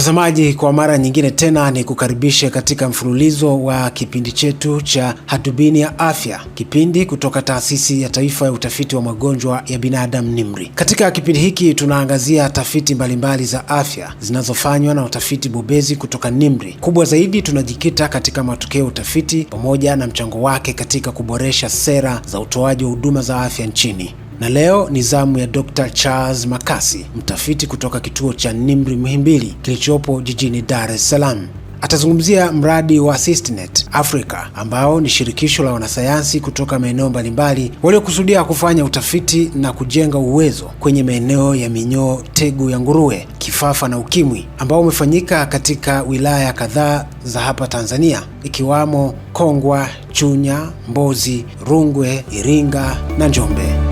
Mtazamaji, kwa mara nyingine tena ni kukaribishe katika mfululizo wa kipindi chetu cha Hadubini ya Afya, kipindi kutoka Taasisi ya Taifa ya Utafiti wa Magonjwa ya Binadamu NIMRI. Katika kipindi hiki tunaangazia tafiti mbalimbali za afya zinazofanywa na utafiti bobezi kutoka NIMRI. Kubwa zaidi, tunajikita katika matokeo ya utafiti pamoja na mchango wake katika kuboresha sera za utoaji wa huduma za afya nchini na leo ni zamu ya Dr. Charles Makasi, mtafiti kutoka kituo cha NIMR Muhimbili kilichopo jijini Dar es Salaam. Atazungumzia mradi wa Assistnet Africa ambao ni shirikisho la wanasayansi kutoka maeneo mbalimbali waliokusudia kufanya utafiti na kujenga uwezo kwenye maeneo ya minyoo, tegu ya nguruwe, kifafa na ukimwi ambao umefanyika katika wilaya kadhaa za hapa Tanzania ikiwamo Kongwa, Chunya, Mbozi, Rungwe, Iringa na Njombe.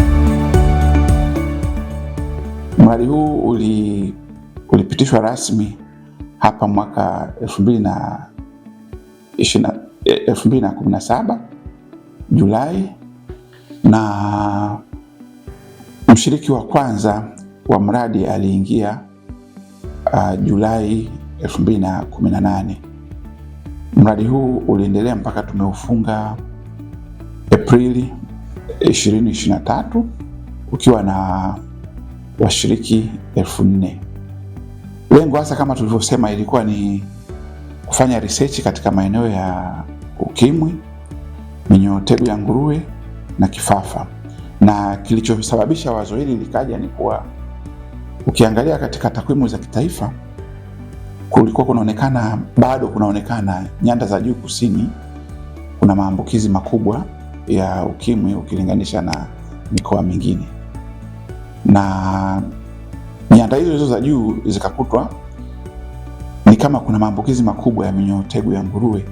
Mradi huu uli, ulipitishwa rasmi hapa mwaka elfu mbili na elfu mbili na kumi na saba Julai, na mshiriki wa kwanza wa mradi aliingia uh, Julai elfu mbili na kumi na nane. Mradi huu uliendelea mpaka tumeufunga Aprili 2023 ukiwa na washiriki elfu nne. Lengo hasa kama tulivyosema, ilikuwa ni kufanya research katika maeneo ya ukimwi, minyoo tegu ya nguruwe na kifafa, na kilichosababisha wazo hili likaja ni kuwa ukiangalia katika takwimu za kitaifa kulikuwa kunaonekana bado kunaonekana nyanda za juu kusini kuna maambukizi makubwa ya ukimwi ukilinganisha na mikoa mingine na nyanda hizo hizo za juu zikakutwa ni kama kuna maambukizi makubwa ya minyoo tegu ya nguruwe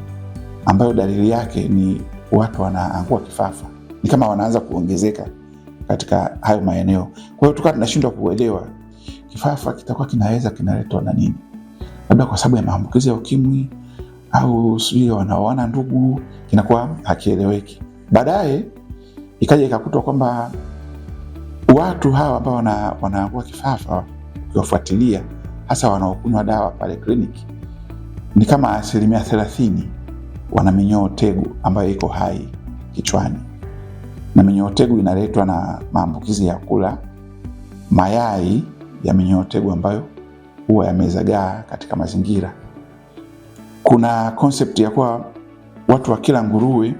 ambayo dalili yake ni watu wanaangua kifafa, ni kama wanaanza kuongezeka katika hayo maeneo. Kwa hiyo tukawa tunashindwa kuelewa kifafa kitakuwa kinaweza kinaletwa na nini, labda kwa sababu ya maambukizi ya ukimwi au sijui wanaoana ndugu, kinakuwa hakieleweki. Baadaye ikaja ikakutwa kwamba watu hawa ambao wanaangua kifafa ukiwafuatilia, hasa wanaokunywa dawa pale kliniki, ni kama asilimia thelathini wana minyoo tegu ambayo iko hai kichwani, na minyoo tegu inaletwa na maambukizi ya kula mayai ya minyoo tegu ambayo huwa yamezagaa katika mazingira. Kuna konsepti ya kuwa watu wa kila nguruwe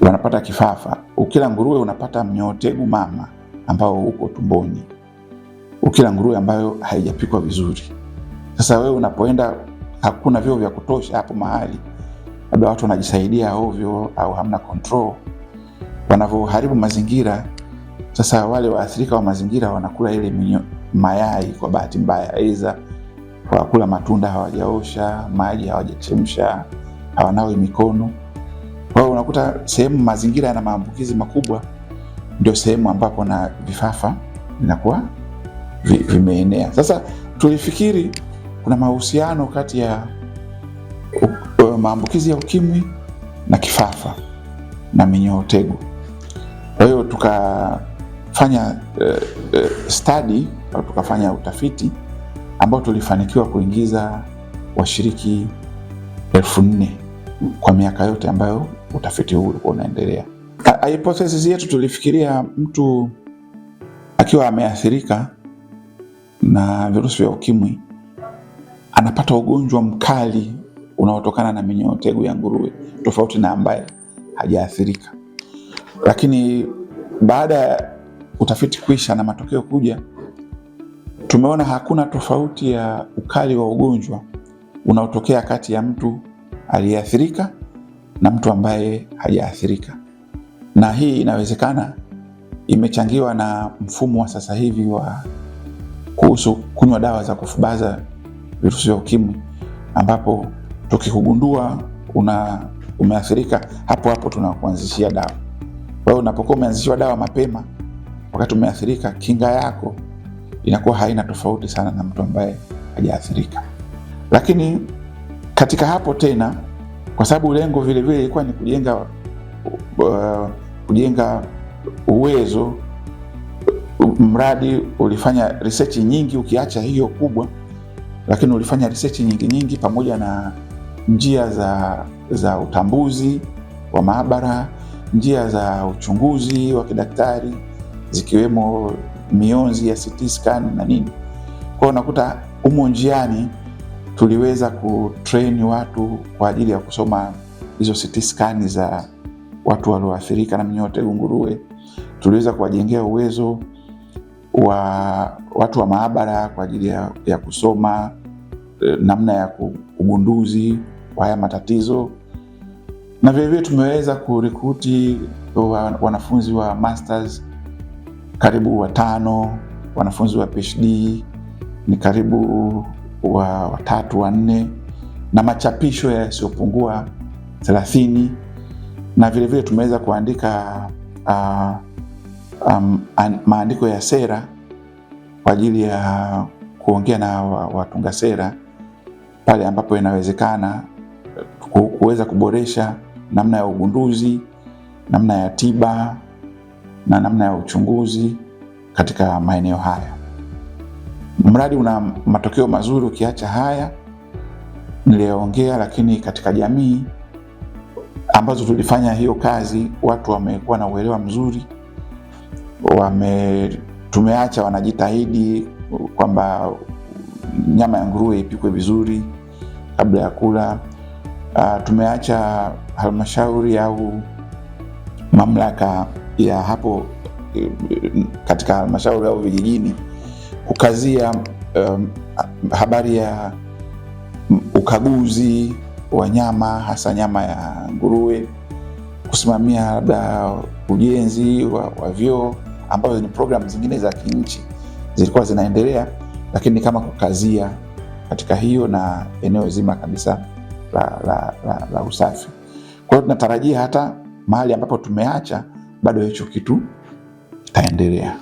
wanapata kifafa. Ukila nguruwe unapata mnyootegu mama ambao uko tumboni, ukila nguruwe ambayo haijapikwa vizuri. Sasa wewe unapoenda, hakuna vyoo vya kutosha hapo mahali, labda watu wanajisaidia ovyo au hamna control, wanavyoharibu mazingira. Sasa wale waathirika wa mazingira wanakula ile minyo, mayai kwa bahati mbaya, aidha kwa kula matunda hawajaosha, maji hawajachemsha, hawanawi mikono. Kwa hiyo unakuta sehemu mazingira yana maambukizi makubwa, ndio sehemu ambapo na vifafa vinakuwa vimeenea. Sasa tulifikiri kuna mahusiano kati ya uh, maambukizi ya ukimwi na kifafa na minyoo tegu. Kwa hiyo tukafanya uh, uh, study au tukafanya utafiti ambao tulifanikiwa kuingiza washiriki elfu nne kwa miaka yote ambayo utafiti huu ulikuwa unaendelea. Hypothesis yetu tulifikiria mtu akiwa ameathirika na virusi vya ukimwi anapata ugonjwa mkali unaotokana na minyoo tegu ya nguruwe tofauti na ambaye hajaathirika. Lakini baada ya utafiti kuisha na matokeo kuja, tumeona hakuna tofauti ya ukali wa ugonjwa unaotokea kati ya mtu aliyeathirika na mtu ambaye hajaathirika, na hii inawezekana imechangiwa na mfumo wa sasa hivi wa kuhusu kunywa dawa za kufubaza virusi vya ukimwi, ambapo tukikugundua una umeathirika hapo hapo tunakuanzishia dawa. Kwa hiyo unapokuwa umeanzishiwa dawa mapema wakati umeathirika, kinga yako inakuwa haina tofauti sana na mtu ambaye hajaathirika. Lakini katika hapo tena kwa sababu lengo vile vile ilikuwa ni kujenga uh, kujenga uwezo. Mradi ulifanya research nyingi, ukiacha hiyo kubwa, lakini ulifanya research nyingi nyingi, pamoja na njia za, za utambuzi wa maabara, njia za uchunguzi wa kidaktari zikiwemo mionzi ya CT scan na nini. Kwa hiyo unakuta umo njiani tuliweza kutrain watu kwa ajili ya kusoma hizo CT scan za watu walioathirika na minyoo nguruwe. Tuliweza kuwajengea uwezo wa watu wa maabara kwa ajili ya, ya kusoma eh, namna ya ugunduzi wa haya matatizo, na vilevile tumeweza kurikuti wa, wanafunzi wa masters karibu watano, wanafunzi wa PhD ni karibu wa watatu wanne na machapisho yasiyopungua thelathini na vilevile tumeweza kuandika uh, um, an, maandiko ya sera kwa ajili ya kuongea na watunga sera pale ambapo inawezekana kuweza kuboresha namna ya ugunduzi, namna ya tiba na namna ya uchunguzi katika maeneo haya mradi una matokeo mazuri ukiacha haya niliyoongea, lakini katika jamii ambazo tulifanya hiyo kazi watu wamekuwa na uelewa mzuri, wame tumeacha wanajitahidi kwamba nyama ya nguruwe ipikwe vizuri kabla ya kula. Uh, tumeacha halmashauri au mamlaka ya hapo eh, katika halmashauri au vijijini kukazia um, habari ya ukaguzi wa nyama hasa nyama ya nguruwe, kusimamia labda ujenzi wa, wa vyoo ambazo ni programu zingine za kinchi zilikuwa zinaendelea, lakini kama kukazia katika hiyo na eneo zima kabisa la, la, la, la usafi. Kwa hiyo tunatarajia hata mahali ambapo tumeacha bado hicho kitu kitaendelea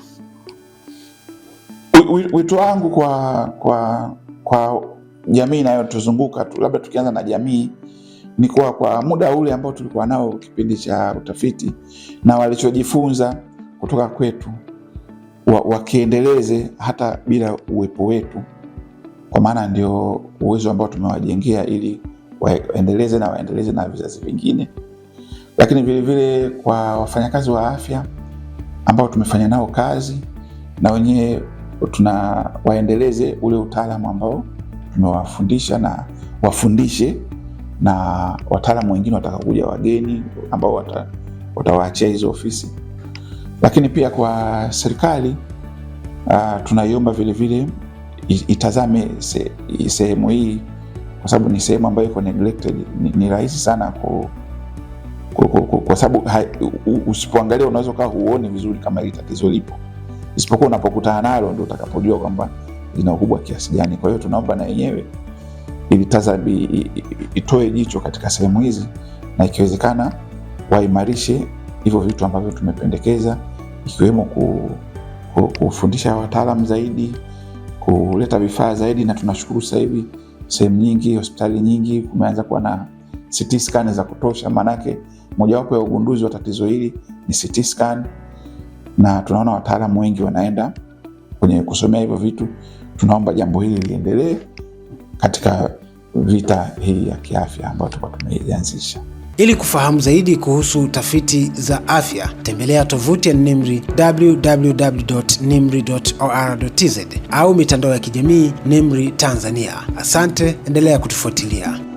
wito wangu kwa kwa kwa jamii inayotuzunguka tu, labda tukianza na jamii ni kuwa kwa muda ule ambao tulikuwa nao kipindi cha utafiti na walichojifunza kutoka kwetu wa, wakiendeleze hata bila uwepo wetu, kwa maana ndio uwezo ambao tumewajengea ili waendeleze na waendeleze na vizazi vingine, lakini vilevile kwa wafanyakazi wa afya ambao tumefanya nao kazi na wenyewe tuna waendeleze ule utaalamu ambao tumewafundisha na wafundishe na wataalamu wengine watakakuja wageni ambao wata, watawaachia hizo ofisi. Lakini pia kwa serikali uh, tunaiomba vilevile itazame se, sehemu hii kwa sababu ni sehemu ambayo iko neglected. Ni, ni rahisi sana ku, ku, ku, ku, kwa sababu usipoangalia unaweza ukawa huoni vizuri kama hili tatizo lipo isipokuwa unapokutana nalo ndio utakapojua kwamba lina ukubwa kiasi gani. Kwa hiyo tunaomba na yenyewe ilitazabi itoe jicho katika sehemu hizi, na ikiwezekana waimarishe hivyo vitu ambavyo tumependekeza, ikiwemo ku, ku, kufundisha wataalamu zaidi, kuleta vifaa zaidi. Na tunashukuru sasa hivi sehemu nyingi, hospitali nyingi kumeanza kuwa na CT scan za kutosha, maanake mojawapo ya ugunduzi wa tatizo hili ni CT scan na tunaona wataalamu wengi wanaenda kwenye kusomea hivyo vitu. Tunaomba jambo hili liendelee katika vita hii ya kiafya ambayo tulikuwa tumeianzisha. Ili kufahamu zaidi kuhusu tafiti za afya, tembelea tovuti ya NIMR www.nimr.or.tz au mitandao ya kijamii NIMR Tanzania. Asante, endelea kutufuatilia.